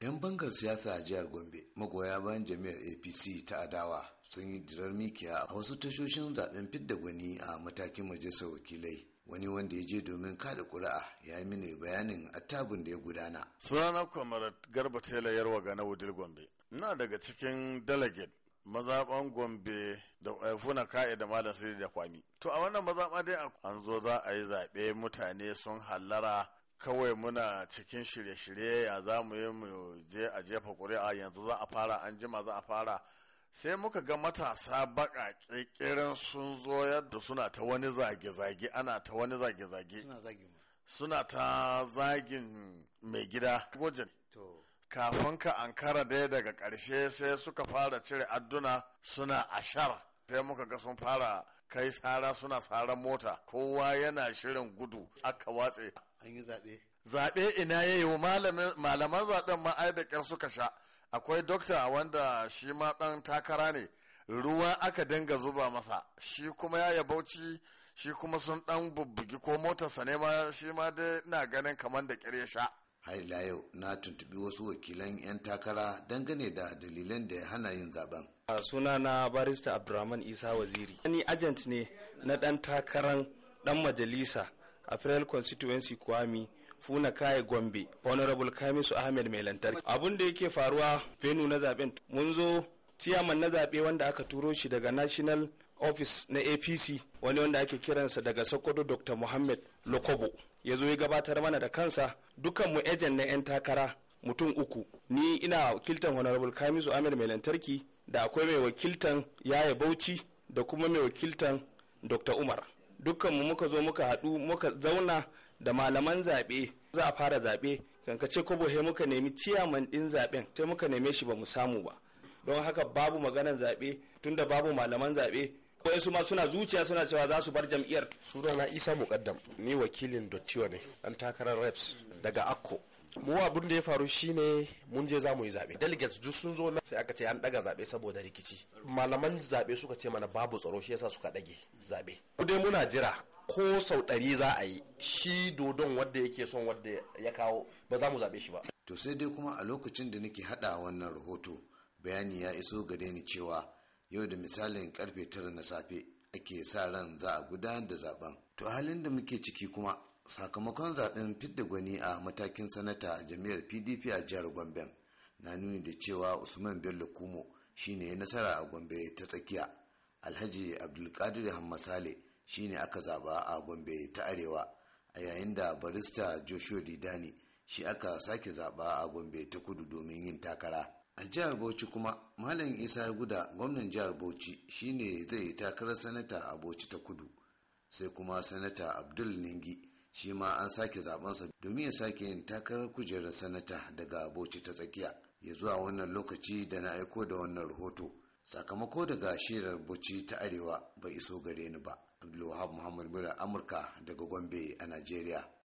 'yan bangar siyasa a jihar gombe magoya bayan jami'ar apc ta adawa sun yi dirar mikiya a wasu tashoshin zaben fidda gwani a matakin majalisar wakilai wani wanda ya je domin kada kuri'a ya yi mini bayanin attabun da ya gudana sunana kwamarat garba tela yarwa ga wudil gombe ina daga cikin delegate mazaban gombe da eh, funa ka'i da malam sirri da kwami to a wannan mazaɓa dai an zo za a yi zaɓe mutane sun hallara kawai muna cikin shirye-shirye ya za mu yi mu je a jefa ƙuri'a yanzu za a fara an jima za a fara sai muka ga matasa baka ƙirƙirin sun zo yadda suna ta wani zage-zage ana ta wani zage-zage suna ta zagin mai gida gwajin kafin ka ankara dai daga ƙarshe sai suka fara cire adduna suna ashar sai muka ga sun fara kai sara suna sara mota kowa yana shirin gudu aka watse an yi zaɓe zaɓe ina ya yi malaman zaɓen ma ai da ƙyar suka sha akwai dokta wanda shi ma ɗan takara ne ruwa aka dinga zuba masa shi kuma ya yabauci shi kuma sun ɗan bubbugi ko motarsa ne ma shi ma dai na ganin kamar da ƙyar ya sha Hai na tuntubi wasu wakilan 'yan takara dangane da dalilan da ya hana yin zaben. suna na barista abdurrahman isa waziri ni ajent ne na ɗan takaran ɗan majalisa a federal constituency kwami funa kai gombe honorable kamisu ahmed mai lantarki abun da yake faruwa venu na zaben mun zo ciyaman na zaɓe wanda aka turo shi daga national office na apc wani wanda ake kiransa daga sokoto dr muhammad lokobo ya zo ya gabatar mana da kansa dukanmu ejen na 'yan takara mutum uku ni ina wakiltan honorable kamisu ahmed mai lantarki da akwai mai wakiltan yaya bauchi da kuma mai wakiltan dr umar dukkanmu muka zo muka haɗu muka zauna da malaman zaɓe za a fara zaɓe kanka kankace kobo he muka nemi ciyaman ɗin zaɓen sai muka neme shi ba mu samu ba don haka babu maganan zaɓe tunda babu malaman zaɓe su ma suna zuciya suna cewa za su bar jam'iyyar sunana isa muƙaddam ni wakilin dottiwa ne dan takarar reps daga akko mu abin da ya faru shine mun je za mu yi zaɓe delegates duk sun zo na sai aka ce an ɗaga zaɓe saboda rikici malaman zaɓe suka ce mana babu tsaro shi yasa suka ɗage zaɓe ku dai muna jira ko sau ɗari za a yi shi dodon wadda yake son wadda ya kawo ba za mu zaɓe shi ba to sai dai kuma a lokacin da nake haɗa wannan rahoto bayani ya iso gare ni cewa yau da misalin karfe tara na safe ake sa ran za a gudanar da zaben to halin da muke ciki kuma sakamakon zaben fidda gwani a matakin sanata a jami'ar pdp a jihar gombe na nuni da cewa usman bello kumo shine nasara a gombe ta tsakiya alhaji abdulkadir sale shine aka zaba a gombe ta arewa a yayin da barista joshua didani shi aka sake zaba a gombe ta kudu domin yin takara a jihar bauchi kuma malam isa guda gwamnan jihar bauchi shine zai takarar sanata a bauchi ta kudu sai kuma sanata abdul ningi shi ma an sake sa domin ya sake yin takarar kujerar sanata daga bauchi ta tsakiya ya zuwa wannan lokaci da na aiko da wannan rahoto sakamako daga shirar bauchi ta arewa bai iso gare ni ba abdulwahab muhammad mura amurka daga gombe a najeriya